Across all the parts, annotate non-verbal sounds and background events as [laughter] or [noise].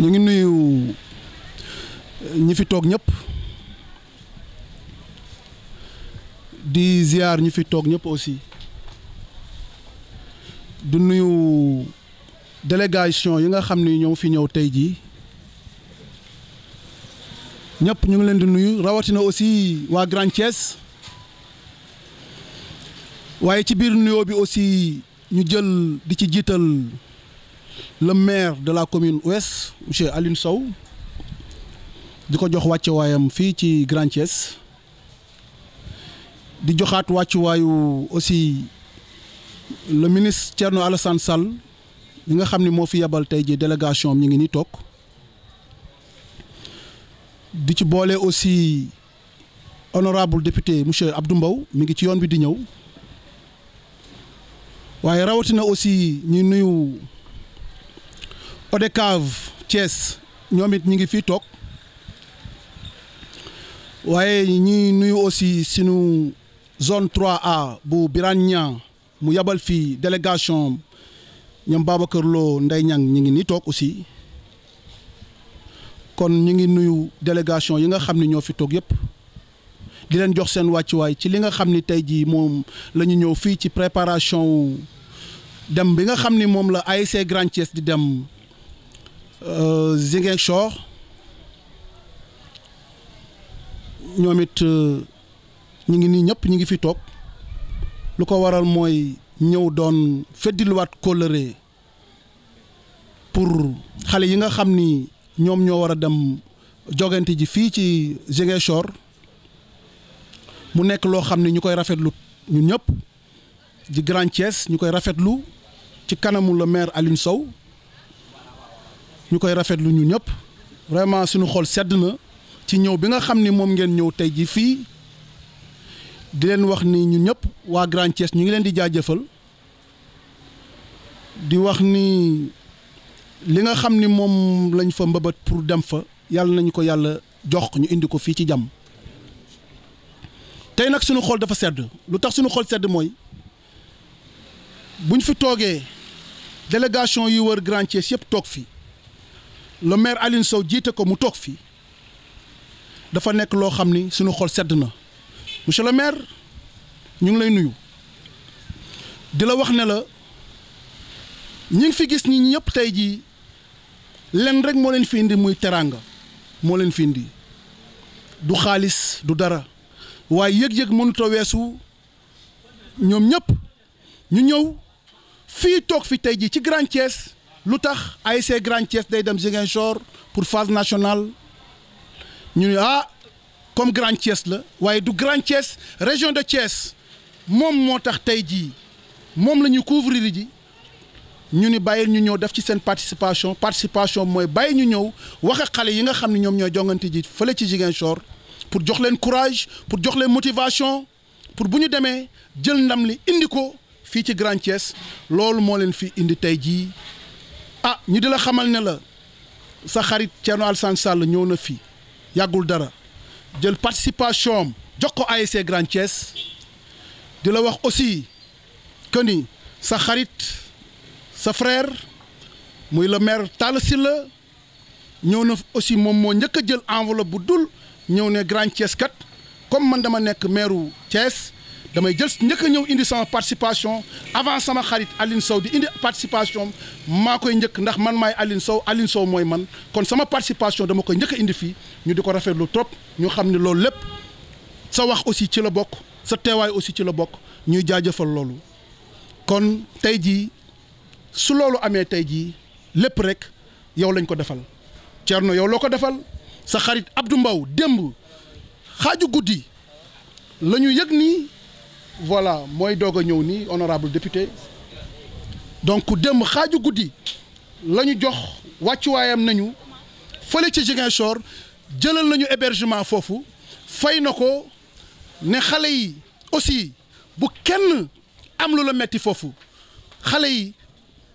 ñu ngi nuyu ñu fi toog ñëpp di ziar ñu fi toog ñëpp aussi du nuyu délégation yi nga xam ni ñoo fi ñëw tey jii ñëpp ñu ngi leen di nuyu rawatina aussi waa Grand waaye ci biir nuyoo bi aussi ñu jël di ci jiital. le maire de la commune ouest monsieur Alioune Sow di ko jox wàccewaayam fii ci Grand di joxaat wàccuwaayu aussi le ministre Thierno Alassane Sall li nga xam ne moo fi yebal tey ji délégation am ñu ngi ni toog di ci boole aussi honorable député monsieur Abdou mbaw mi ngi ci yoon bi di ñëw waaye rawatina aussi ñu nuyu. ODCAV Thiès ñoom it ñi ngi fi toog waaye ñi nuyu aussi sunu zone trois a bu Birane Niang mu yabal fii délégation ñoom kër Lo Ndeye Niang ñi ngi nii toog aussi kon ñu ngi nuyu délégation yi nga xam ne ñoo fi toog yëpp di leen jox seen wàccuwaay ci li nga xam ni tey jii moom la ñu ñëw fii ci préparation dem bi nga xam ni moom la ASC Grand Thiès di dem Euh, Ziguinchor ñoom it euh, ñu ngi nii ñëpp ñu ngi fi toog lu ko waral mooy ñëw doon feddiluwaat kóllëre pour xale yi nga xam ni ñoom ñoo war a dem jogante ji fii ci Ziguinchor mu nekk loo xam ne ñu koy rafetlu ñun ñëpp di Grand Thiès ñu koy rafetlu ci kanamu le maire Alioune Sow ñu koy rafetlu ñu ñëpp vraiment suñu xool sedd na ci ñëw bi nga xam ni moom ngeen ñëw tey ji fii di leen wax ni ñu ñëpp waa Grand ñu ngi leen di jaajëfal di wax ni li nga xam ni moom lañ fa mbëbët pour dem fa yàlla nañu ko yàlla jox ñu indi ko fii ci jàmm tey nag suñu xool dafa sedd lu tax suñu xool sedd mooy buñ fi toogee délégation yu wër Grand Thiès yëpp toog fii le maire Alioune Sow jiite ko mu toog fii dafa nekk loo xam ni suñu xol sedd na monsieur le ñu ngi lay nuyu di la wax ne la ñu ngi fi gis ñi ñëpp tey jii lenn rek moo leen fi indi muy teraanga moo leen fi indi du xaalis du dara waaye yëg-yëg mënutoo weesu ñoom ñëpp ñu ñëw fii toog fi tey jii ci Grand lu tax ASC Grand Thiès day dem Ziguinchor pour phase nationale ñu ne ah comme Grand Thiès la waaye du Grand Thiès région de Thiès moom moo tax tey jii moom la ñu couvrir ji ñu ni bàyyil ñu ñëw def ci seen participation participation mooy bàyyi ñu ñëw wax xale yi nga xam ne ñoom ñooy jongante ji fële ci Ziguinchor pour jox leen courage pour jox leen motivation pour bu ñu demee jël ndam li indi ko fii ci Grand Thiès loolu moo leen fi indi tey jii. ah ñu di la xamal ne la sa xarit Thierno Alassane Sall ñëw na fii yàggul dara jël participation jox ko ASC Grand Thiès di la wax aussi que ni sa xarit sa frère muy le maire si la ñëw na aussi moom moo njëkk a jël enveloppe bu dul ñëw ne Grand Thiès kat comme man dama nekk maireu Thiès damay jël njëkk a ñëw indi sama participation avant sama xarit alin Sow di indi participation maa koy njëkk ndax man maay Aline Sow Aline Sow mooy man kon sama participation dama koy njëkk indi fii ñu di ko rafetlu trop ñu xam ne loolu lépp sa wax aussi ci la bokk sa teewaay aussi ci la bokk ñuy jaajëfal loolu kon tey jii su loolu amee tey jii lépp rek yow lañ ko defal Thierno yow loo ko defal sa xarit Abdou Mbow démb xaaju guddi la ñu yëg nii. voilà mooy doog a ñëw nii honorable député donc démb xaaju guddi la ñu jox wàccuwaayam nañu fële ci Ziguinchor jëlal nañu hébergement foofu fay na ko ne xale yi aussi bu kenn am lu la metti foofu xale yi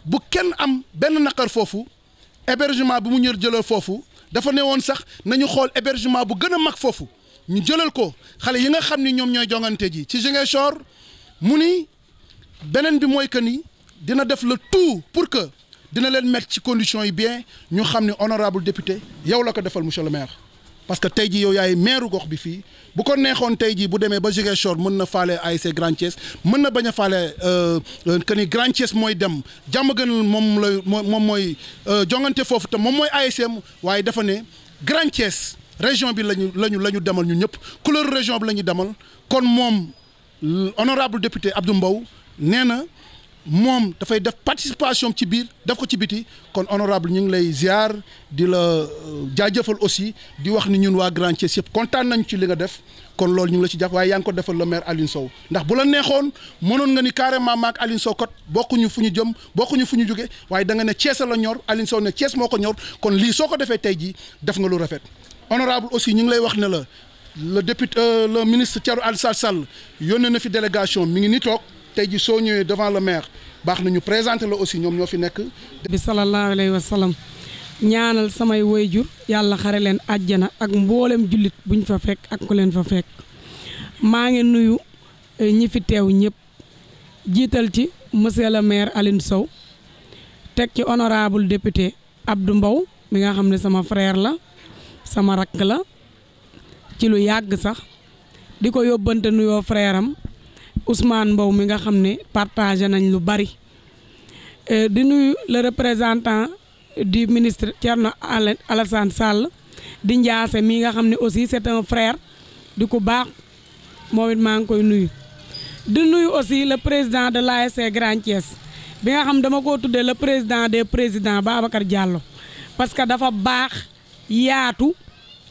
bu kenn am benn naqar foofu hébergement bi mu ñër jëlal foofu dafa ne woon sax nañu xool hébergement bu gën a mag foofu ñu jëlal ko xale yi nga xam ni ñoom ñooy jongante ji ci Ziguinchor mu ni beneen bi mooy que ni dina def le tout pour que dina leen mettre ci conditions yi bien ñu xam ne honorable député yow la ko defal monsieur le maire parce que tey jii yow yaay maire gox bi fii bu ko neexoon tey jii bu demee ba Ziguinchor mën na faale ASC Grand Thiès mën na bañ a faale euh, que ni Grand Thiès mooy dem jàmm gënal moom la moom mooy euh, jongante foofu te moom mooy ASC waaye dafa ne Grand région bi lañu lañu la ñu demal ñu ñëpp couleur région bi la ñuy demal kon moom honorable député Abdou mbaw nee na moom dafay def participation ci biir def ko ci biti kon honorable ñu ngi lay ziar di la euh, jaajëfal aussi di wax ni ñun waa Grand Thiès yëpp kontaan nañu ci li nga def kon loolu ñu la ci jàpp waaye yaa ngi ko defal le maire Alioune ndax bu la neexoon mënoon nga ni carrément maak Alioune Sow kot bokkuñu fu ñu jëm bokkuñu fu ñu jóge waaye danga ne Thiès la ñor Alioune Sow ne moo ko ñor kon lii soo ko defee tey jii def nga lu rafet honorable aussi ñu ngi lay wax ne la le député euh, le ministre Thierno al Sall yónnee na fi délégation mi ngi ni toog tey ji soo ñëwee devant le maire baax na ñu présenté la aussi ñoom ñoo fi nekk. bi sallallahu alayhi wa sallam ñaanal samay woyjur yàlla xare leen àjjana ak mboolem jullit buñ fa fekk ak ku leen fa fekk maa ngi nuyu eh, ñi fi teew ñëpp jiital ci monsieur le maire alin Sow teg ci honorable député Abdou Mbow mi nga xam ne sama frère la. sama rakk la ci lu yàgg sax di ko yóbbante nuyoo frère am Mbow mi nga xam ne partagé nañ lu bari e, di nuyu le représentant du ministre Thierno Alassane Sall di Ndiasse mi nga xam ne aussi c'est un frère di ku baax moom it maa ngi koy nuyu di nuyu aussi le président de l'ASC Grand Thiès bi nga xam dama ko tuddee le président des président Babacar Diallo parce dafa baax yaatu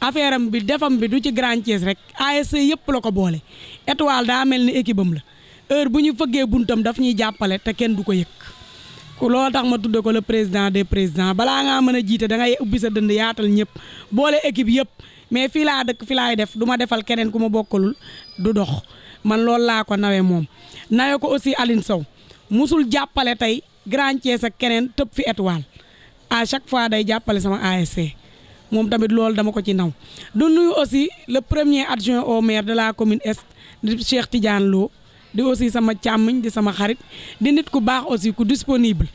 affaire am bi defam bi du ci Grand Thiès rek ASC yëpp la ko boole étoile daa mel ni équipe la heure bu ñu fëggee buntam dafa ñuy jàppale te kenn du ko yëg loolu tax ma tudde ko la président des présidents balaa ngaa mën a jiite dangay ngay ubbi sa dënd yaatal ñëpp boole équipe yëpp mais fii laa dëkk fii laay def du ma defal keneen ku ma bokkalul du dox man loolu laa ko nawee moom nawe ko aussi Aline Sow musul jàppale tey Grand Thiès ak keneen tëb fi étoile à chaque fois day jàppale sama ASC moom tamit loolu dama ko ci naw du nuyu aussi le premier adjoint au maire de la commune est di Cheikh Tidiane Lo di aussi sama càmmiñ di sama xarit di nit ku baax aussi ku disponible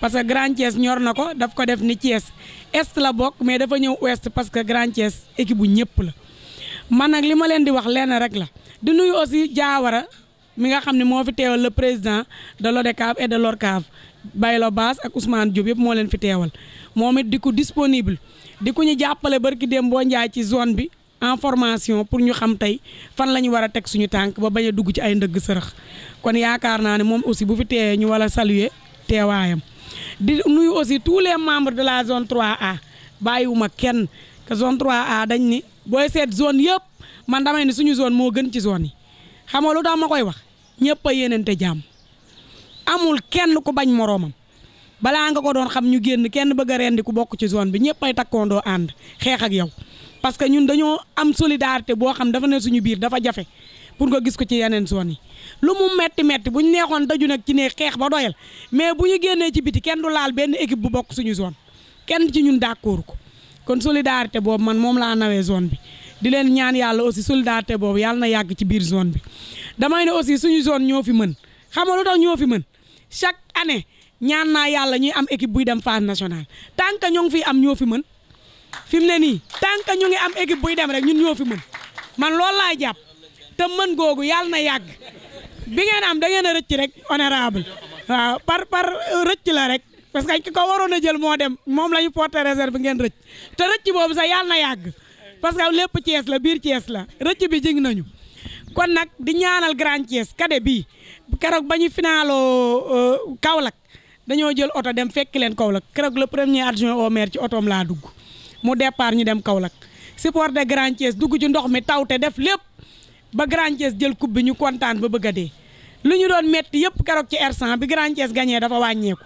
parce que Grand Thiès ñor na ko daf ko def ni Thiès est la bokk mais dafa ñëw ouest parce que Grand Thiès équipe bu ñëpp la man nag li ma leen di wax lenn rek la di nuyu aussi jaawara mi nga xam ne moo fi teewal le président de l'ODCAV et de l'ORCAV Baylo Baas ak Ousmane Diop yëpp moo leen fi teewal moom it di ko disponible di ku ñu jàppale barki dem boo njaay ci zone bi en formation pour ñu xam tey fan la ñu war a teg suñu tànk ba bañ a dugg ci ay ndëgg sërëx kon yaakaar naa ne moom aussi bu fi teewee ñu war a saluer teewaayam di nuyu aussi tous les membres de la zone 3A bàyyiwuma kenn que zone trois a dañ ni booy seet zone yëpp man damay ni suñu zone moo gën ci zone yi xam nga lu tax ma koy wax ñëpp a yéenante jàmm amul kenn ku bañ moroomam balaa nga ko doon xam ñu génn kenn bëgg a rendi ku bokk ci zone bi ñëpp ay takkoondoo ànd xeex ak yow parce que ñun dañoo am solidarité boo xam dafa ne suñu biir dafa jafe pour nga gis ko ci yeneen zone yi lu mu metti metti bu neexoon daju nag ci ne xeex ba doyal mais bu ñu génnee ci biti kenn du laal benn équipe bu bokk suñu zone kenn ci ñun d'accord ko kon solidarité boobu man moom laa nawee zone bi di ñaan yàlla aussi solidarité boobu yàlla na yàgg ci biir zone bi damay ne aussi suñu zone ñoo fi mën xam nga lu tax ñoo fi mën chaque année ñaan naa yàlla ñuy am équipe buy dem phase nationale tant que ñu ngi fi am ñoo fi mën fi mu ne nii tant que ngi am équipe buy dem rek ñun ñoo fi mën man loolu laa jàpp te mën googu yàlla na yàgg bi ngeen am da ngeen a rëcc rek honorable waaw par par euh, rëcc la rek parce que ki ko waroon a jël moo dem moom la ñu porté réserve ngeen rëcc te rëcc boobu sax yàlla na yàgg parce que lépp Thiès la biir Thiès la rëcc bi jig nañu kon nag di ñaanal Grand Thiès kade bii keroog ba ñu finaaloo euh, Kaolack dañoo jël oto dem fekki leen Kaolack keroog le premier adjoint au maire ci otoom laa dugg mu départ ñu dem Kaolack support de Grand dugg ci ndox mi taw te def lépp ba Grand jël coupe bi ñu kontaan ba bëgg a dee lu ñu doon metti yëpp keroog ci r bi Grand Thiès dafa wàññeeku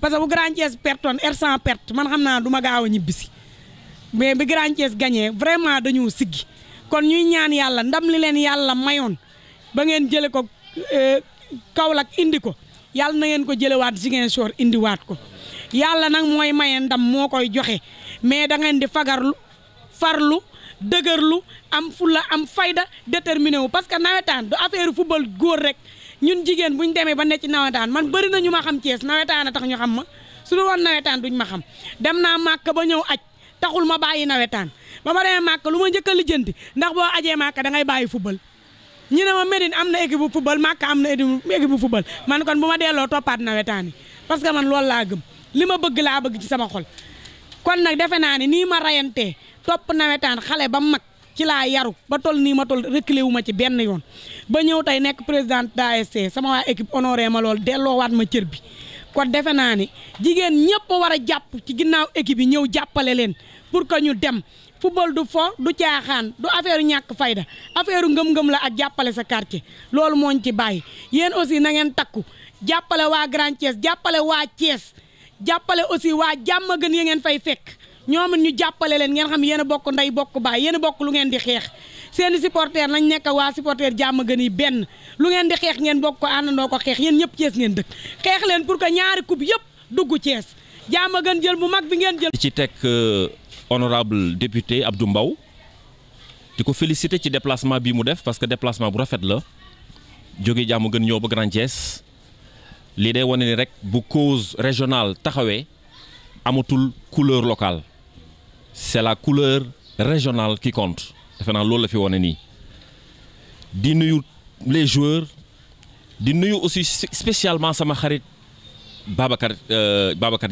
parce que bu Grand Thiès pertoon r perte man xam naa duma gaaw a ñibbisi mais bi Grand Thiès gagné vraiment dañoo siggi kon ñuy ñaan yàlla ndam li leen yàlla mayoon ba ngeen jële ko euh, Kaolack indi ko yàlla na ngeen ko jëlewaat Ziguinchor indiwaat ko yàlla nag mooy maye ndam moo koy joxe mais da ngeen di fagarlu farlu dëgërlu am fulla am fayda déterminé wu parce que nawetaan du affaire football góor rek ñun jigéen bu ñu demee ba nekk ci nawetaan man bëri na ñu ma xam cees nawetaan a tax ñu xam ma su dul woon nawetaan duñ ma xam dem naa màkk ba ñëw aj taxul ma bàyyi nawetaan ba ma demee màkk lu ma njëkk lijjanti ndax boo ajee màkk da ngay bàyyi football. ñu ne ma Médine am na équipe bu football Màkka am na équipe bu football man kon bu ma delloo toppaat nawetaan parce que man loolu laa gëm li ma bëgg laa bëgg ci sama xol kon nag defe naa ni nii ma reyantee topp nawetaan xale ba mag ci laa yaru ba tol nii ma tol reculé wu ma ci benn yoon ba ñëw tey nekk présidente d'ASC sama waa équipe honoré ma lool delloowaat ma cër bi kon defe naa ni jigéen ñëpp war a jàpp ci ginnaaw équipe yi ñëw jàppale leen pour que ñu dem football du fo du caaxaan du affaire ñàkk fayda affaire ngëm-ngëm la ak jàppale sa quartier loolu moo ñu ci bàyyi yéen aussi na ngeen takku jàppale waa Grand Thiès jàppale waa Thiès jàppale aussi waa jàmm gën ya ngeen fay fekk ñoom it ñu jàppale leen ngeen xam yéen bokk ndey bokk baay yéen bokk lu ngeen di xeex seeni supporter nañ nekk waa supporter jàmm gën yi benn lu ngeen di xeex ngeen bokk ko àndandoo ko xeex yéen ñëpp cees ngeen dëkk xeex leen pour que ñaari coupe yëpp dugg Thiès jàmm gën jël bu mag bi ngeen jël. ci teg. Euh, honorable député Abdou mbaw di ko félicité ci déplacement bii mu def parce que déplacement bu rafet la jóge jàmm gën ñëw ba Grand Thiès lii day wane ni rek bu cause régionale taxawee amatul couleur locale c'est la couleur régionale qui compte defe naa loolu la fi wane nii di nuyu les joueurs di nuyu aussi spécialement sama xarit Babacar euh, Babacar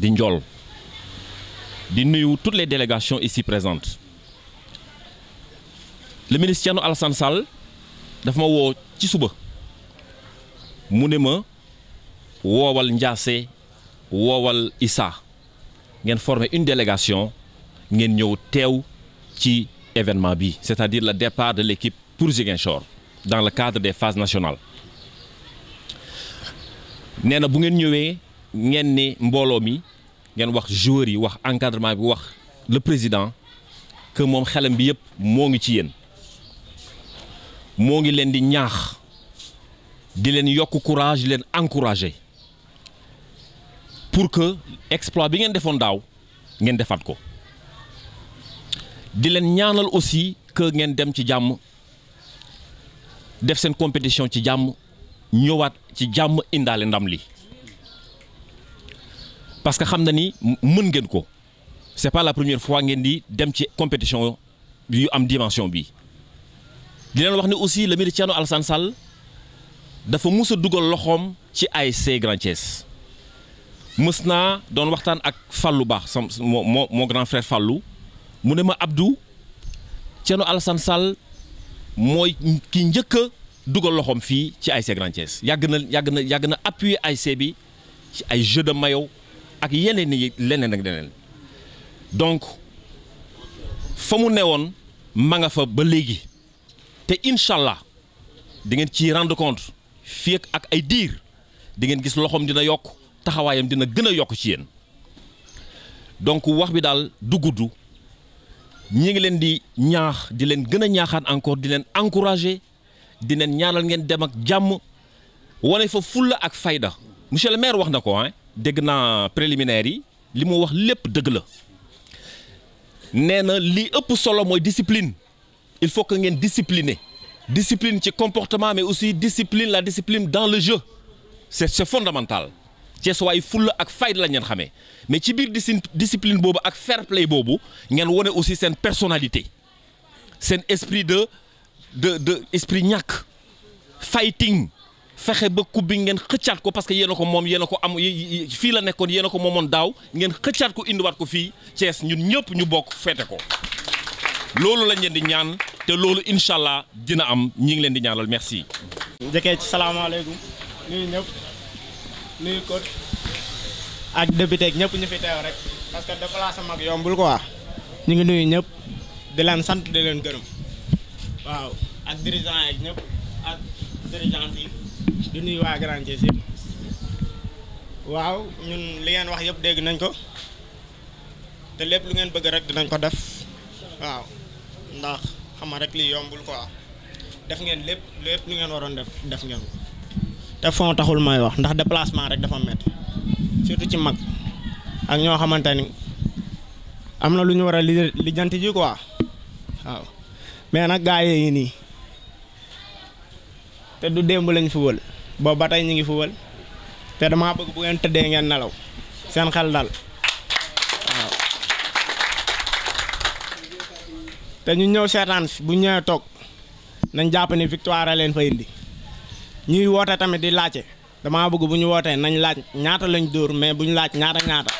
di njool di nuyu toutes les délégations ici présentes le ministre Thierno Alassane dafa ma woo ci suba mu ne ma woowal Ndiassé woowal Issa ngeen forme une délégation ngeen ñëw teew ci événement bi c'est-à-dire le départ de l'équipe pour Ziguinchor dans le cadre des phases nationales nee na bu ngeen ñëwee ngeen ni mbooloo mi ngeen wax joueurs yi wax encadrement bi wax le président que moom xelam bi yëpp moo ngi ci yéen moo ngi leen di ñaax di leen yokk courage leen encourager pour que exploit bi ngeen defoon daaw ngeen defaat ko di leen ñaanal aussi que ngeen dem ci jàmm def seen compétition ci jàmm ñëwaat ci jàmm indaale ndam li parce que xam na ni mën ngeen ko c'est pas la première fois ngeen di dem ci compétition yu am dimension bi di leen wax ne aussi le maire Thierno Alassane Sall dafa mus a dugal loxoom ci ASC Grand Thiès mës naa doon waxtaan ak Fallou Baax sama moo moo grand frère Fallou mu ne ma Abdou Thierno Alassane Sall mooy ki njëkk a dugal loxoom fii ci ASC Grand Thiès yàgg na yàgg na yàgg na appuyer ASC bi ci ay jeu de maillot ak yeneen yi leneen ak leneen donc fa mu newoon ma nga fa ba léegi te incha allah di ngeen ciy rendre compte fii ak ay diir di ngeen gis loxoom dina yokk taxawaayam dina gën a yokk ci yen donc wax bi daal du gudd ngi leen di ñaax di leen gën a ñaaxaat encore di leen encourager di leen ñaanal ngeen dem ak jàmm wane fa fulla ak fayda monsieur le maire wax na ko dégg naa préliminaire yi li mu wax lépp dëgg la nee na li ëpp solo mooy disipline il faut que ngeen discipliner discipline ci comportement mais aussi discipline la discipline dans le jeu c'est c'est fondamental Cees waay fulla ak fayda la ngeen xamee mais ci biir discipline boobu ak fair play boobu ngeen wone aussi seen personalité seen esprit de de de esprit ñàkk fighting fexe ba coupe bi ngeen xëccaat ko parce que yéen ko moom yéen a ko am fii la nekkoon yéen ko moomoon daaw ngeen xëccaat ko indiwaat ko fii Thiès ñun ñëpp ñu bokk feete ko loolu lañ leen di ñaan te loolu incha allah dina am ñi ngi leen di ñaanal merci. njëkkee ci salaamaaleykum nuyu ñëpp nuyu ko ak député ñëpp ñu fi teew rek parce que déplacé mag yombul quoi ñu ngi nuyu ñëpp di leen sant di leen gërëm waaw ak dirigeant yeeg ñëpp ak dirigeant yi. di nuyu waa Grand Thiès waaw ñun li ngeen wax yëpp dégg nañ ko te lépp lu ngeen bëgg rek dinañ ko def waaw ndax xama rek li yombul quoi def ngeen lépp lépp lu ngeen waroon def def ngeen ko te fond taxul may wax ndax déplacement rek dafa métti surtout ci mag ak ñoo xamante ni am na lu ñu war a lijjanti ji quoi waaw mais nag gaa yi nii. te du démb lañ fubal boobu ba tey ñu ngi fubal te damaa bëgg bu ngeen tëddee ngeen nelaw seen xel dal te ñu ñëw seetaan bu ñëwee toog nañ jàpp ne victoire leen fa indi ñuy woote tamit di laajte damaa bëgg bu ñu wootee nañ laaj ñaata lañ dóor mais bu ñu laaj ñaata ñaata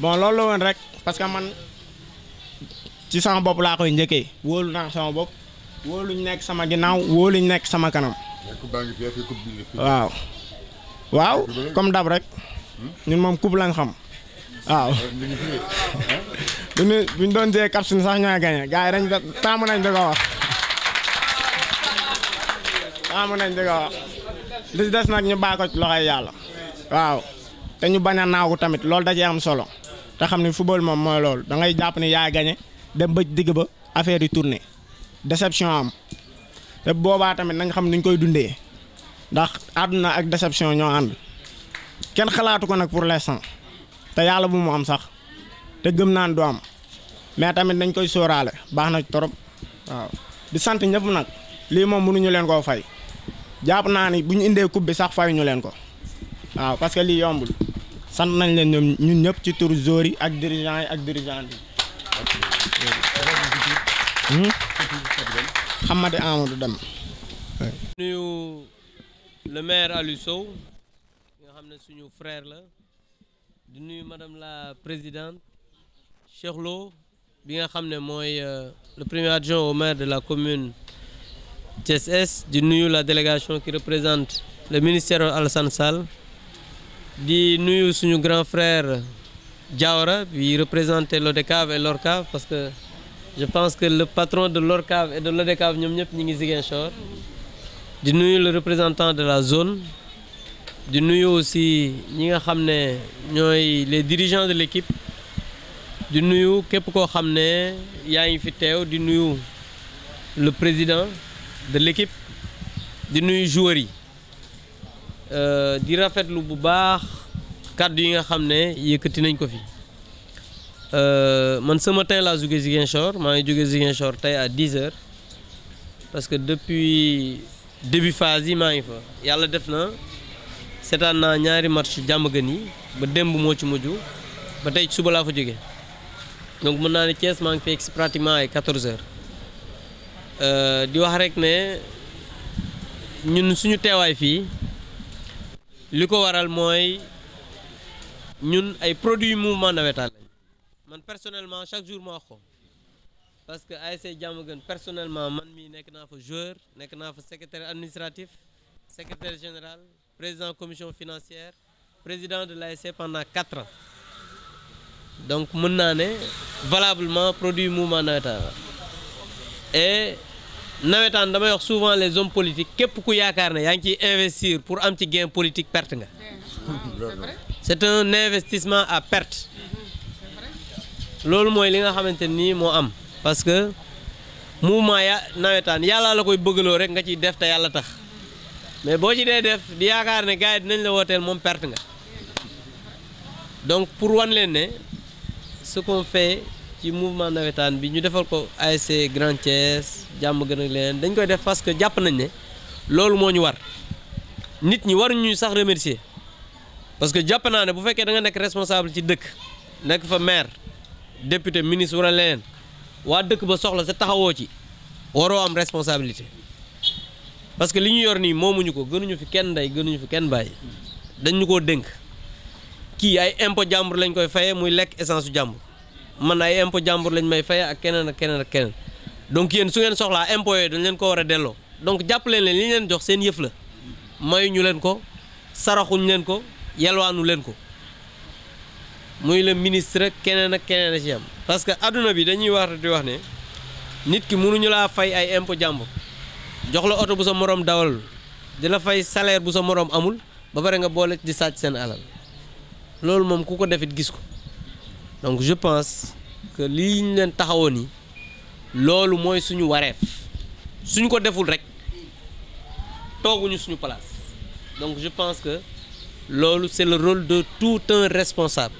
bon loolu woon rek parce man. ci sama bopp laa koy njëkkee wóolu naa sama bopp wóoluñ nekk sama ginnaaw wóoluñ nekk sama kanam. waaw. waaw comme dab rek ñun moom coupe lañ xam waaw. [laughs] [laughs] bu ñu doon jiyee capsule sax ñooy gagné gars yi dañ da taamu nañ di ko wax taamu nañ di ko wax li des nag ñu baax ko loxoy yàlla waaw te ñu bañ a naagu tamit loolu da cee am solo te xam ni football moom mooy loolu da ngay jàpp ni yaa gagné dem ba digg ba affaire yi tourné déception am te boobaa tamit na xam nuñ koy dundee ndax àdduna ak déception ñoo ànd kenn xalaatu ko nag pour l'instant te yàlla bu mu am sax te gëm naan du am mais tamit dañ koy sóoraale baax na trop waaw di sant ñëpp nag lii moom mënuñu leen koo fay jàpp naa ni bu ñu indee coupe bi sax fayuñu leen ko waaw parce que lii yombul sant nañ leen ñoom ñun ñëpp ci turu joueurs yi ak dirigeants yi ak dirigeantes yi Hamadi Amadou le maire Aliou Sow nga xam ne suñu frère la di nuyu madame la présidente Cheikh Lo bi nga xam ne mooy euh, le premier adjoint au maire de la commune Thiès Est di nuyu la délégation qui représente le ministère Alassane Sall di nuyu suñu grand frère Diawara bi représente l'ODCAV et l'ORCAV parce que. je pense que le patron de l'ORCAV et de l'ODECAV ñoom ñëpp ñi ngi Ziguinchor di nuyu le représentant de la zone di nuyu aussi ñi nga xam ne ñooy les dirigeants de l'équipe di nuyu képp koo xam ne yaa ngi fi teew di nuyu le président de l'équipe di nuyu joueurs yi euh, di rafetlu bu baax kàddu yi nga xam ne yëkkati nañ ko fi Euh, man ce matin laa jóge Ziguinchor maa ngi juge Ziguinchor tey à 10 heures parce que depuis début phase yi maa ngi fa yàlla def na seetaan naa ñaari match Diamaguène yi ba démb moo ci mujj ba tey suba laa fa jóge donc mën naa ne Thiès maa ngi fekk si pratiquement ay 14 heures euh, di wax rek ne ñun suñu teewaay fii li ko waral mooy ñun ay produits mouvement nawetaan lañ man personnellement chaque jour ma wax ko parce que ASC Diamaguène personnellement man mii nekk naa fa joueur nekk naa fa secretaire administratif secretaire général président commission financière président de l'ASC pendant quatre ans donc mën naa ne valablement produit mouvement nawetaan et nawetaan damay wax souvent les zones politiques képp ku yaakaar ne yaa ngi ciy investir pour am ci gain politique perte nga c'est un investissement à perte loolu mooy li nga xamante nii moo am parce que mouvement ya nawetaan yàlla la koy bëggaloo rek nga ciy def te yàlla tax mais boo ci dee def di yaakaar ne gars yi dinañ la wooteel moom perte nga donc pour wan leen ne ce ko fait ci mouvement nawetaan bi ñu defal ko ASC Grand Thiès jàmm gën ak leneen dañ koy def parce que jàpp nañ ne loolu moo ñu war nit ñi waruñu sax remercier parce que jàpp naa ne bu fekkee da nga nekk responsable ci dëkk nekk fa maire député ministre wala leneen waa dëkk ba soxla sa taxawoo ci waroo am responsabilité parce que li ñu yor nii moomuñu ko gënuñu fi kenn ndey gënuñu fi kenn bàyyi dañ ñu koo dénk kii ay impôt jàmbur lañ koy fayee muy lekk essence su jàmbur man ay impôt jàmbur lañ may fayee ak keneen ak keneen ak keneen donc yéen su ngeen soxlaa impôt yooyu dañ leen ko war a delloo donc jàpp leen leen li ñu leen jox seen yëf la mayuñu leen ko saraxuñu leen ko yelwaanu leen ko muy le ministre keneen ak keneen a ci am parce que adduna bi dañuy war di wax ne nit ki mënuñu laa fay ay impôt jàmbur jox la oto bu sa moroom dawal di la fay salaire bu sa moroom amul ba pare nga boole di sàcc seen alal loolu moom ku ko defit gis ko donc je pense que lii ñu leen taxawoon yi loolu mooy suñu wareef suñu ko deful rek tooguñu suñu place donc je pense que loolu c'est le rôle de tout temps responsable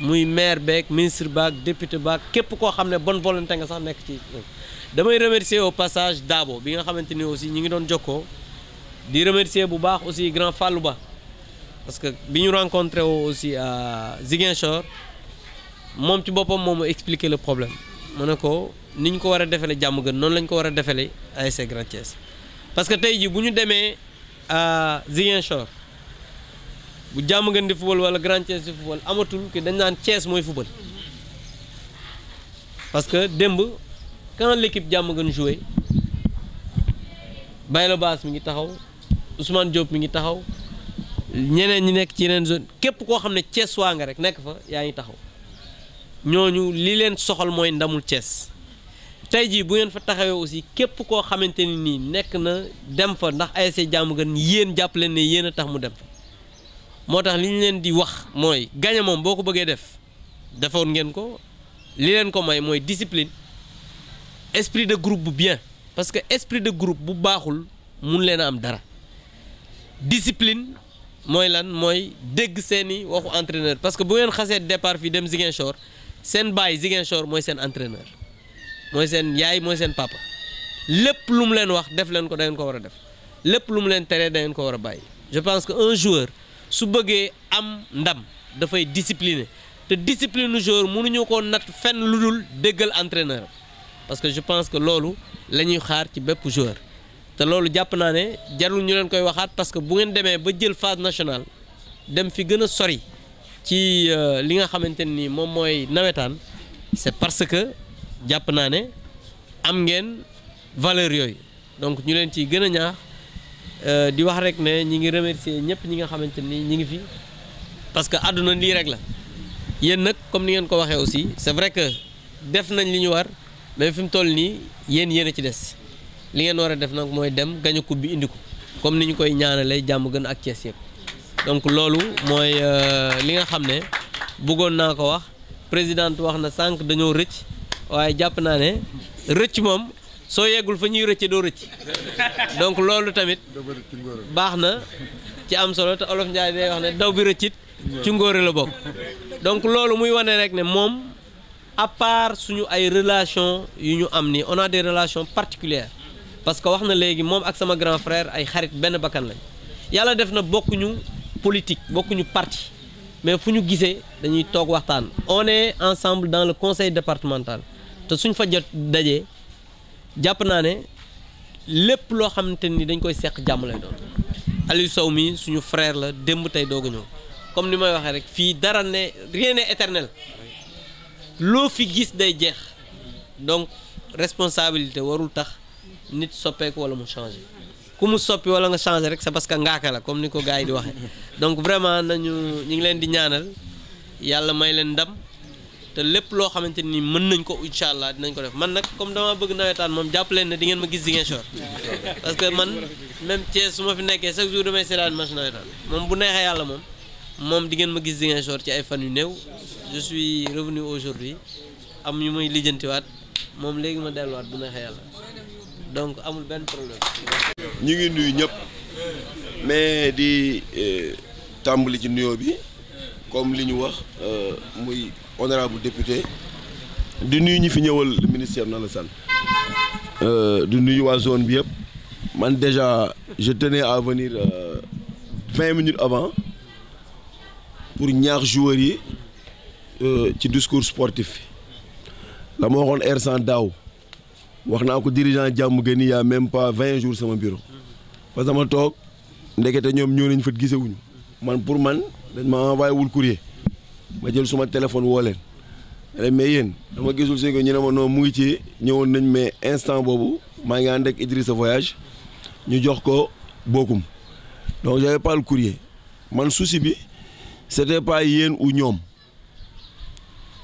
muy maire beeg ministre baag député baag képp koo xam ne bonne volonté nga sax nekk ci damay remercier au passage Dabo bi nga xamante ni aussi ñi ngi doon jokkoo di remercier bu baax aussi grand Fallou Ba parce que bi ñu rencontré woo aussi à Ziguinchor moom ci boppam moom ma expliqué le problème mu ne ko ni ñu ko war a defele jàmm gën noonu la ko war a defele ASC Grand Thiès parce que tey jii bu ñu demee à Ziguinchor bu jàmm ngeen di football wala Grand Thiès di football amatul ki dañ naan Thiès mooy football parce que démb quand l'équipe jàmm ngeen joué Bayla Baas mi ngi taxaw Ousmane Diop mi ngi taxaw ñeneen ñi nekk ci yeneen zone képp koo xam ne Thiès waa nga rek nekk fa yaa ngi taxaw ñooñu li leen soxal mooy ndamul Thiès tey jii bu ngeen fa taxawee aussi képp koo xamante ni nii nekk na dem fa ndax ASC jàmm ngeen yéen jàpp leen ne yéen a tax mu dem fa moo tax li ñu leen di wax mooy gañe boo ko bëggee def defoon ngeen ko li leen ko may mooy disipline esprit de groupe bu bien parce que esprit de groupe bu baaxul mun leen a am dara disipline mooy lan mooy dégg seeni waxu entraîneur parce que bu ngeen xasee départ fii dem Ziguinchor seen baay Ziguinchor mooy seen entraîneur mooy seen yaay mooy seen papa lépp lu mu leen wax def leen ko da ko war a def lépp lu mu leen teree da ngeen ko war a bàyyi je pense un joueur su bëggee am ndam dafay discipliner te discipline joueur mënuñu ko nat fenn lu dul déggal entraîneur parce que je pense que loolu lañuy xaar ci bépp joueur te loolu jàpp naa ne jarul ñu leen koy waxaat parce que bu ngeen demee ba jël phase nationale dem fi gën a sori ci euh, li nga xamante ni moom mooy nawetaan c'est parce que jàpp naa ne am ngeen valeur yooyu donc ñu leen ciy gën a ñaax. Euh, di wax rek ne ñi ngi remercier ñëpp ñi nga xamante ni ñi ngi fi parce que àdduna lii rek la yéen nag comme ni ngeen ko waxee aussi c'est vrai que def nañ li ñu war mais fi mu toll nii yéen yéen a ci des li ngeen war a def nag mooy dem gañ a bi indi ko comme ni ñu koy ñaanalee jàmm gën ak Thiès yëpp donc loolu mooy euh, li nga xam ne bëggoon naa ko wax présidente wax na sànq dañoo rëcc waaye jàpp naa ne rëcc moom soo yeggul fa ñuy rëcce doo rëcc donc loolu tamit baax na ci am solo te olof Njaay day wax ne daw bi rëccit ci ngóore la bokk donc loolu muy wane rek ne moom à part suñu ay relation yu ñu am ni on a des relations particulières parce que wax na léegi moom ak sama grand frère ay xarit benn bakkan lañ yàlla def na bokkuñu politique bokkuñu parti mais fu ñu gisee dañuy toog waxtaan on est ensemble dans le conseil départemental te suñ fa jot dajee jàpp naa ne lépp loo xamante ni dañ koy seq jàmm lay doon Aliou Sow mi suñu frère la démb tey doog ñëw comme ni may waxee rek fii dara ne rien n'est éternel loo fi gis day jeex donc responsabilité warul tax nit soppeeku wala mu changé ku mu soppi wala nga changé rek c'est parce que ngaaka la comme ni ko gars yi di waxee donc vraiment nañu ñu ngi leen di ñaanal yàlla may leen ndam. te lépp loo xamante ni mën nañ ko incha allah dinañ ko def man nag comme dama bëgg nawetaan moom jàpp leen ne di ngeen ma gis Ziguinchor parce que man même Thiès su ma fi nekkee chaque jour damay seetaan match nawetaan moom bu neexee yàlla moom moom di ngeen ma gis Ziguinchor ci ay fan yu néew je suis revenu aujourd'hui am ñu may lijjantiwaat moom léegi ma delluwaat bu neexee yàlla donc amul benn problème. ñu ngi nuyu ñëpp mais di euh, tàmbali ci nuyoo bi. comme li ñu wax euh, muy honorable député di nuyu ñu fi ñëwal ministère na la san euh, di nuyu waa zone bi yëpp man déjà je tenais à venir euh, vingt minutes avant pour ñaax joueurs yi ci discours sportif la ma waxoon air sans daaw wax naa ko dirigeant jàmm gën y a même pas vingt jours sama bureau parce que dama toog ndekete ñoom ñoo nañ fa gisewuñu man pour man dañ ma envoyé wul ma jël suma téléphone woo leen mais yéen dama gisul Sonko ñu ne ma noonu mu ngi ci ñëwoon nañ mais instant boobu maa ngi ànd ak Idrissa voyage ñu jox ko bokkum donc j'avais pas le man souci bi c'était pas yéen ou ñoom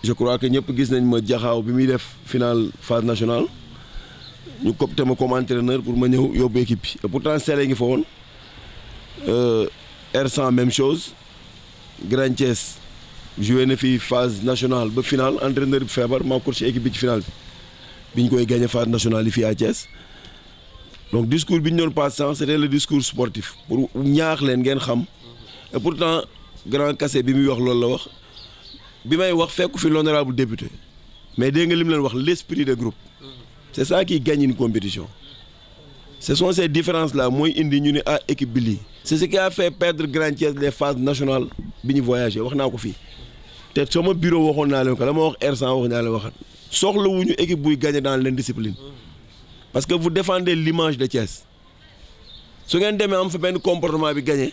je crois que ñëpp gis nañ ma jaxaaw bi muy def finale phase nationale ñu copte ma comme entraîneur pour ma ñëw yóbbu équipe bi et pourtant Sele ngi fa woon euh, R100 même chose Grand Thiès joué na fi phase nationale ba finale entraîneur bi feebar maa coach équipe bi ci finale bi ñu koy gagné phase nationale yi fii à Thiès donc discours bi ñu doon passant c'était le discours sportif pour ñaax leen ngeen xam et pourtant grand Kassé bi muy wax loolu la wax bi may wax fekku fi l'honorable député mais dégg nga li mu leen wax l'esprit de groupe c'est ça qui gagne une compétition ce sont ces différences mooy indi ñu ne ah équipe bi lii c'est ce qui perdre Grand Thiès les phases nationales bi ñu voyagé wax naa ko fii te ma bureau waxoon naa leen ko la ma wax R100 wax naa leen waxat soxlawuñu équipe buy gagné dans leen discipline parce que vous défendez l'image de Thiès su ngeen demee am fa benn comportement bi gagné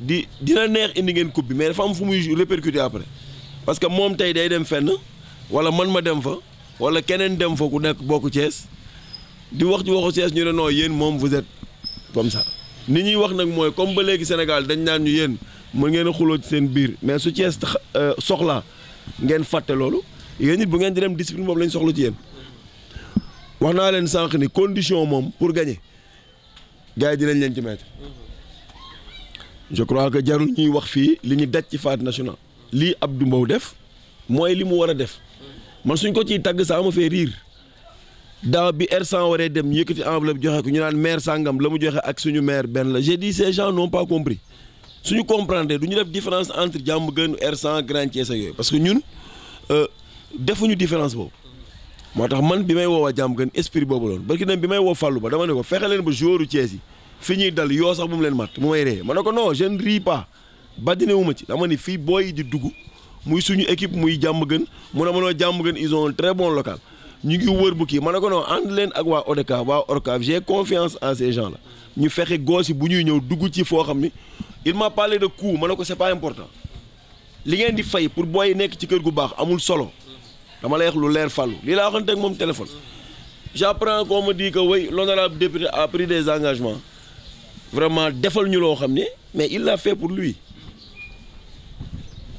di dina neex indi ngeen coupe bi mais dafa am fu muy répercuter après parce que moom tey day dem fenn wala man ma dem fa wala keneen dem fa ku nekk bokk Thiès di wax ci waxu Thiès ñu ne non yéen moom vous êtes comme ni ñuy wax nag mooy comme ba léegi Sénégal dañ naan ñu yéen mën ngeen a xuloo ci seen biir mais su Thiès euh, soxla ngeen fàtte loolu yéen it bu ngeen di dem discipline boobu lañ soxla ci yéen wax naa leen sànq ni condition moom pour gagner gars yi dinañ leen ci mettre je crois que jarul ñuy wax fii li ñu daj ci fête nationale lii ab Mbow def mooy li mu war a def man suñ ko ciy tagg saa ma fee riir. daaw bi R100 waree dem yëkkati enveloppe joxe ko ñu naan maire sàngam la mu joxe ak suñu maire benn la j'ai dit ces gens n'ont pas compris suñu comprendre du def différence entre jàmm gën R100 Grand Thiès ak yooyu parce que ñun euh, defuñu différence boobu moo tax man bi may woo waa jàmm gën esprit boobu loolu barki bi may woo Fallou ba dama ne ko fexe leen ba joueur u Thiès yi fi ñuy dal yoo sax bu mu leen mat mu may ree ma ko non je ne ris pas badine wu ma ci fii booy di dugg muy suñu équipe muy jàmm gën mu ne ma jàmm gën ils ont un ñu ngi wër bu kii ma ko non ànd leen ak waa ODCAV waa ORCAV j'ai confiance en ces gens là ñu fexe goos yi bu ñuy ñëw dugg ci foo xam ni il m'a parlé de coût ma ko c'est pas important li ngeen di fay pour booy nekk ci kër gu baax amul solo dama la wax lu leer fàllu lii laa waxante ak moom téléphone j'apprends qu'on me dit que oui l'honorable député a pris des engagements vraiment defal ñu loo xam ne mais il l'a fait pour lui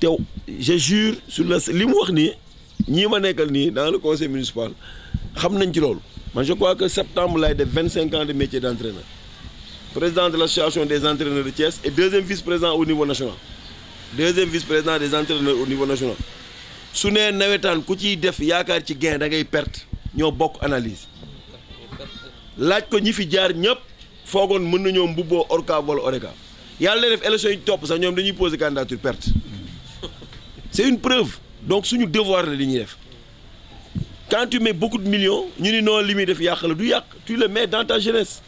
te je su sur la li mu wax nii ñii ma nekkal nii dans le conseil municipal xam nañ ci loolu man je crois que septembre lay def vingt cinq ans de métier d' président de l' association des entraîneurs de Thiès et deuxième vice président au niveau national deuxième vice président des entraîneurs au niveau national su nee nawetaan ku ci def yaakaar ci gain da ngay perte ñoo bokk analyse laaj ko ñi fi jaar ñëpp foogoon mën nañoo mbubboo Orcave wala Odecav yàlla lay def élection yi topp sax ñoom dañuy poser candidature perte c' est une preuve. donc suñu devoir la li ñuy def quand tu mets beaucoup de ñu ni noonu li muy def yàq la du yàq tu le mais dans ta jeunesse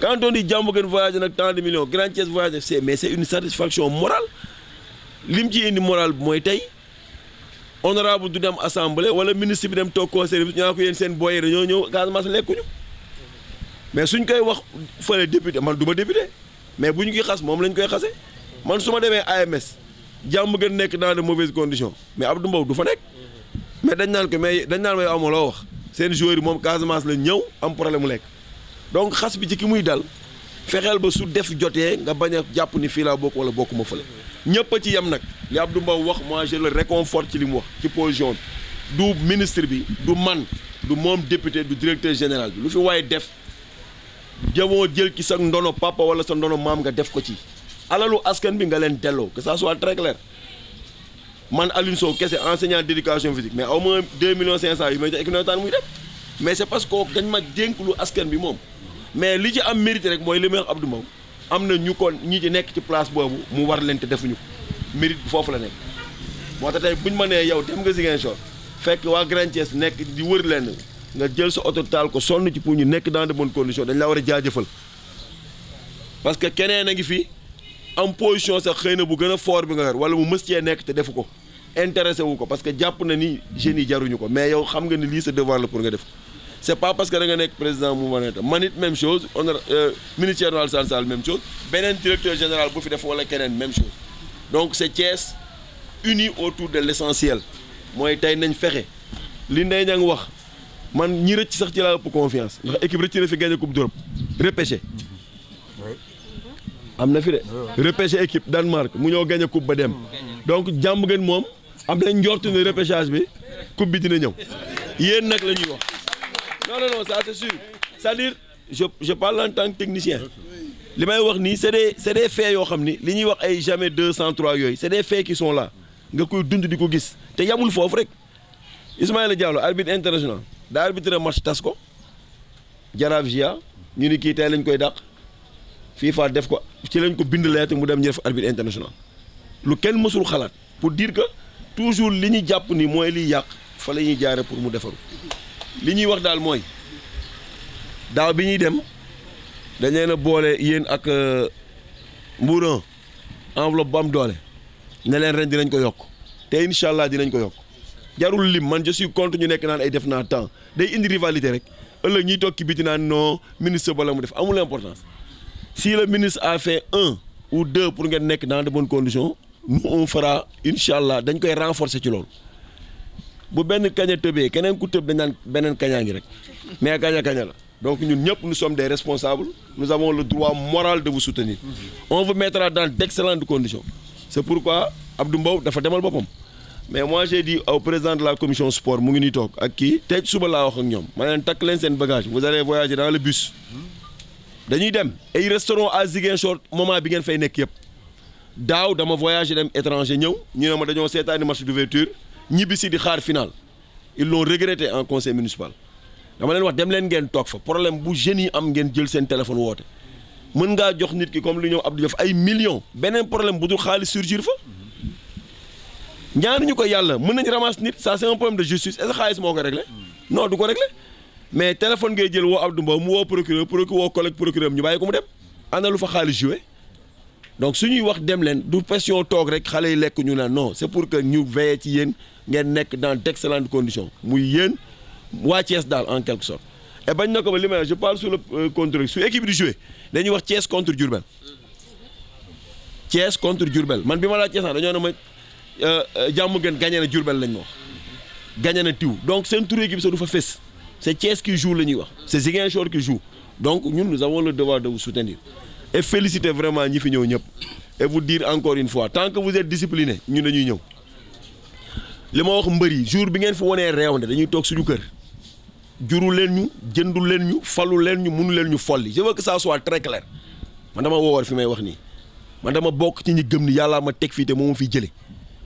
quand on dit Diamaguène voyage nag tant de millions Grand Thiès voyage c'est mais c'est une satisfaction morale li mu ci indi morale mooy tey honorable du dem assemblée wala ministre bi dem toog conseil bi ñaa ko yéen seen booyee dañoo ñëw Casamance lekkuñu mais suñ koy wax fële député man du ma député mais bu ñu koy xas moom lañ koy xase man su ma demee AMS jàmm gën nekk dans de mauvaises conditions mais Abdou Mbow du fa nekk mais dañ naan ko mais dañ naan may amoo wax seen joueur yi moom Casamance la ñëw am problème mu lekk donc xas bi ci ki muy dal fexeel ba su def jotee nga bañ jàpp ni fii laa bokk wala bokkuma fële ñëpp ci yem nag li Abdou Mbow wax moi je le ci li mu wax ci position bi du ministre bi du man du moom député du directeur général bi lu fi waaye def jamoo jël ci sa ndono papa wala sa ndono maam nga def ko ci alalu askan bi nga leen delloo que ça soit très clair man Alioune kese enseignant d' éducation physique mais aw ma 2 millions 500 yu may jox école taan muy def mais c' est parce ma dénk lu askan bi moom mais li ci am mérite rek mooy li may wax Abdou Mbow am na ñu kon ñi ci nekk ci place boobu mu war leen te defuñu ko mérite bi foofu la nekk moo te tey bu ñu ma nee yow dem nga Ziguinchor fekk waa Grand Thiès nekk di wër leen nga jël sa oto taal ko sonn ci pour ñu nekk dans de bonnes conditions dañ la war a jaajëfal parce am position sax xëy na bu gën a fort bi nga yor mu mës cee nekk te defu ko intéressé wu ko parce que jàpp na ni jeunes yi jaruñu ko mais yow xam nga ni lii sa devoir la pour nga def c' est pas parce que da nga nekk président mu ma neta man it même chose honor euh, ministère général Alassane Sall même chose beneen directeur général bu fi def wala keneen même chose donc c' est Thiès au autour de l' essentiel mooy tey nañ fexe li Ndeye Niang wax man ñi rëcc sax ci laa ëpp confiance ndax équipe rëcc na fi gagné coupe d'Europe am na fi de repêché équipe Danemark mu ñëw gagné coupe ba dem donc jàmm ngeen moom am nañ njortu ne repêchage bi coupe bi dina ñëw yéen nag la ñuy wax non non non ça c'est sûr je je parle technicien li may wax nii c'est des c'est des faits yoo xam ni li ñuy wax ay jamais deux cent yooyu c'est des faits qui sont là nga koy dund di ko gis te yamul foofu rek Ismaïla Diallo arbitre international daa arbitré match tas ko Jaraaf Gia ñu ni kii tey lañu koy dàq. fii FIFA def ko ci lañ ko bind lettre mu dem ñu def arbitre international lu kenn mësul xalaat pour diir que toujours li ñuy jàpp ni mooy liy yàq fa la ñuy jaare pour mu defaru li ñuy wax daal mooy daaw bi ñuy dem dañ leen a boole yéen ak euh, mbuuran enveloppe bu am doole ne leen ren dinañ ko yokk te incha allah dinañ ko yokk jarul lim man je suis contre ñu nekk naan ay def naa temps day indi rivalité rek ëllëg ñiy toog ci biti naan non ministre bala mu def amul importance si le ministre a fait un ou deux pour ngeen nekk dans de bonnes conditions nous on fera incha allah dañ koy renforcer ci loolu bu benn kaña tëbee keneen ku tëb dañ naan beneen kañaa ngi rek mais kaña kaña la donc ñun ñëpp nous sommes des responsables nous avons le droit moral de vous soutenir on vous mettra dans d'excellentes conditions c'est pourquoi Abdou Mbow dafa demal boppam mais moi j'ai dit au président de la commission sport mu ngi ni toog ak kii tey suba laa wax ak ñoom ma ne leen takk leen seen bagage vous allez voyager dans dañuy dem ay restaurant à Ziguinchor moment bi ngeen fay nekk yëpp daaw dama voyagé dem étranger ñëw ñu ne ma dañoo seetaani match d'ouverture ñibbi si di xaar final ils l'ont regretté en conseil municipal dama leen wax dem leen ngeen toog fa problème bu jeunes yi am ngeen jël seen téléphone woote mën ngaa jox nit ki comme lu ñëw Abdou Diouf ay millions beneen problème bu dul xaalis surgir fa ñu ko yàlla mën nañ ramas nit ça c'est un problème de justice xaalis moo ko réglé non du ko réglé mais téléphone ngay jël woo Abdou Mbow mu woo procureur procureur woo collègue procureur ñu bàyyi ko mu dem ana lu fa xaalis joué donc suñuy wax dem leen du pression toog rek xale yi lekk ñu naan no c'est pour que ñu veiller ci yéen ngeen nekk dans d'excellentes condition muy yéen waa Thiès daal en quelque sorte et bañ na ko ba li may parle sur le euh, contre su équipe di joué dañuy wax cees contre Diourbel Thiès contre jourbel man bi ma laa Thiès naa dañoo ne ma euh, euh, jàmm gën gagné na Diourbel lañ ma wax gagné tiw donc seen tur équipe sax du fa fés c'est Thiès ki jour la ñuy wax c'est Ziguinchor qui joue donc ñun nous avons le devoir soutenir et féliciter vraiment ñi fi ñëw ñëpp et vous dire encore une fois tant que vous êtes discipliné ñun dañuy ñëw li ma wax mbër yi jour bi ngeen fi wanee réew ne dañuy toog suñu kër juru leen ñu jëndu leen ñu falu leen ñu munu leen ñu folli je veux que ça soit très clair man dama woowar fi may wax nii man dama bokk ci ñi gëm ni yàllaa ma teg fii te moo ma fi jële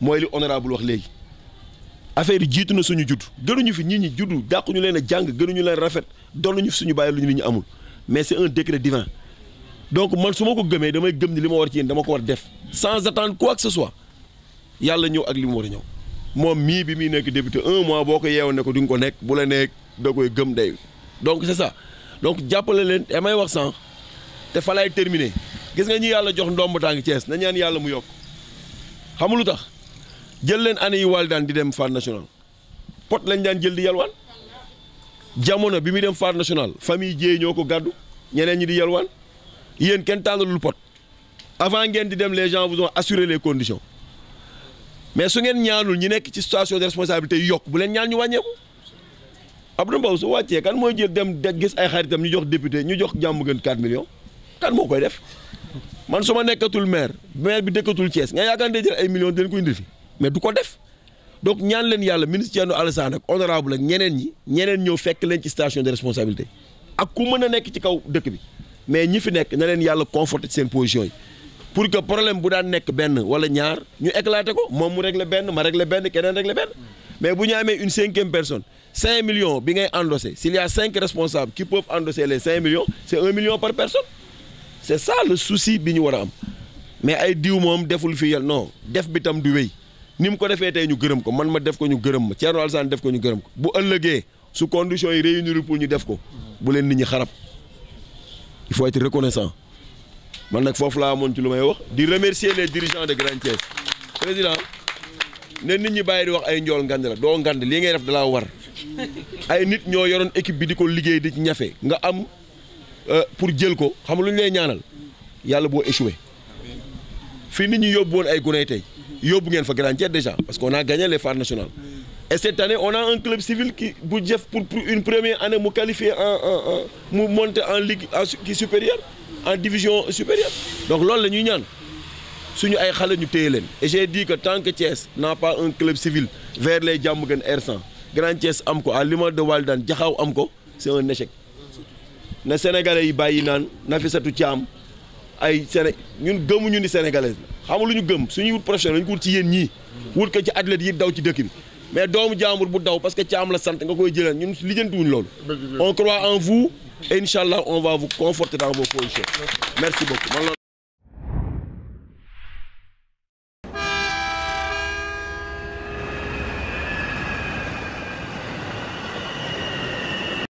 mooy li honorable wax léegi affaire yi jiitu na suñu judd gënuñu fi nit ñi judd dàquñu leen a jàng gënuñu leen rafet donnuñu fi suñu bàyyi lu ñu li ñu amul mais c'est un décret divin donc man su ma ko gëmee damay gëm ni li ma war ci yéen dama ko war def sans attendre quoi que ce soit yàlla ñëw ak li mu war a ñëw moom mii bi muy nekk député un mois boo ko yeewoon ne ko di nga ko nekk bu la nekk da koy gëm day donc c'est ça donc jàppale leen may wax sànq te fa laay gis nga ñi yàlla jox ndomb tàng Cees na ñaan yàlla mu yokk xamul tax. jël leen année yi waal daan di dem phare national pot lañ daan jël di yalwaan jamono bi muy dem phare national famille Dieye ñoo ko gàddu ñeneen ñi di yalwaan yéen kenn tànnalul pot avant ngeen di dem les gens vous ont les conditions mais su ngeen ñaanul ñi nekk ci situation de responsabilité yokk bu leen ñaan ñu wàññeeku Abdou Mbow su wàccee kan mooy jël dem de gis ay xaritam ñu jox député ñu jox jàmm gën 4 millions kan moo koy def man su ma nekkatul maire maire bi dëkkatul Thiès nga yaakaar ne jël ay millions di leen indi fi. mais du ko def donc ñaan leen yàlla ministre Thierno Alassane ak honorable ak ñeneen ñi ñeneen ñëw fekk leen ci station de responsabilité ak ku mën a nekk ci kaw dëkk bi mais ñi fi nekk na leen yàlla conforté seen position yi pour que problème bu daan nekk benn wala ñaar ñu éclaté ko moom mu réglé benn ma réglé benn keneen réglé benn mais bu ñu amee une cinquième personne cinq millions bi ngay endossé s'il y a cinq responsables qui peuvent endosser les cinq millions c'est million par personne c'est ça le bi ñu war a am mais ay diw moom deful fii yàlla non def bi tam du ni mu ko defee tey ñu gërëm ko man ma def ko ñu gërëm ma Thierno Alassane def ko ñu gërëm ko bu ëllëgee su conditions yi réunir pour ñu def ko bu leen nit ñi xarab il faut être reconnaissant man nag foofu laa amoon ci lu may wax di remercier les dirigeants de Grand Thiès président ne nit ñi bàyyi di wax ay njool ngand la doo ngande lii ngay def dalaa war ay nit ñoo yoroon équipe bi di ko liggéey di ci ñafe nga am euh, pour jël ko xam lu ñu lay ñaanal yàlla boo échoué fii nit ñi yóbbu woon ay gune yóbbu ngeen fa Grand Thiès déjà parce que a gagné les phares nationales et cette année on a un club civil bu jëf pour une première année mu qualifié en en en mu monter en ligue en kii supérieure en division supérieure donc loolu la ñuy ñaan suñu ay xale ñu téye leen et j'ai dit que tant que Thiès n'a pas un club civil vers les Diamaguène R100 Grand Thiès am ko à l'image de Walidane jaxaw am ko c'est un échec na sénégalais yi bàyyi naan Nafissatou Thiam ay Séné ñun gëmuñu ni sénégalaise xam nga lu ñu gëm suñuy wut professionnel dañu ko wut ci yéen ñii wut ko ci athlètes yi daw ci dëkk bi mais doomu jaambur bu daw parce que ci am la sant nga koy jëleen ñun lijjantiwuñ loolu on croit en vous et incha allah on va vous conforter dans vos positions merci beaucoup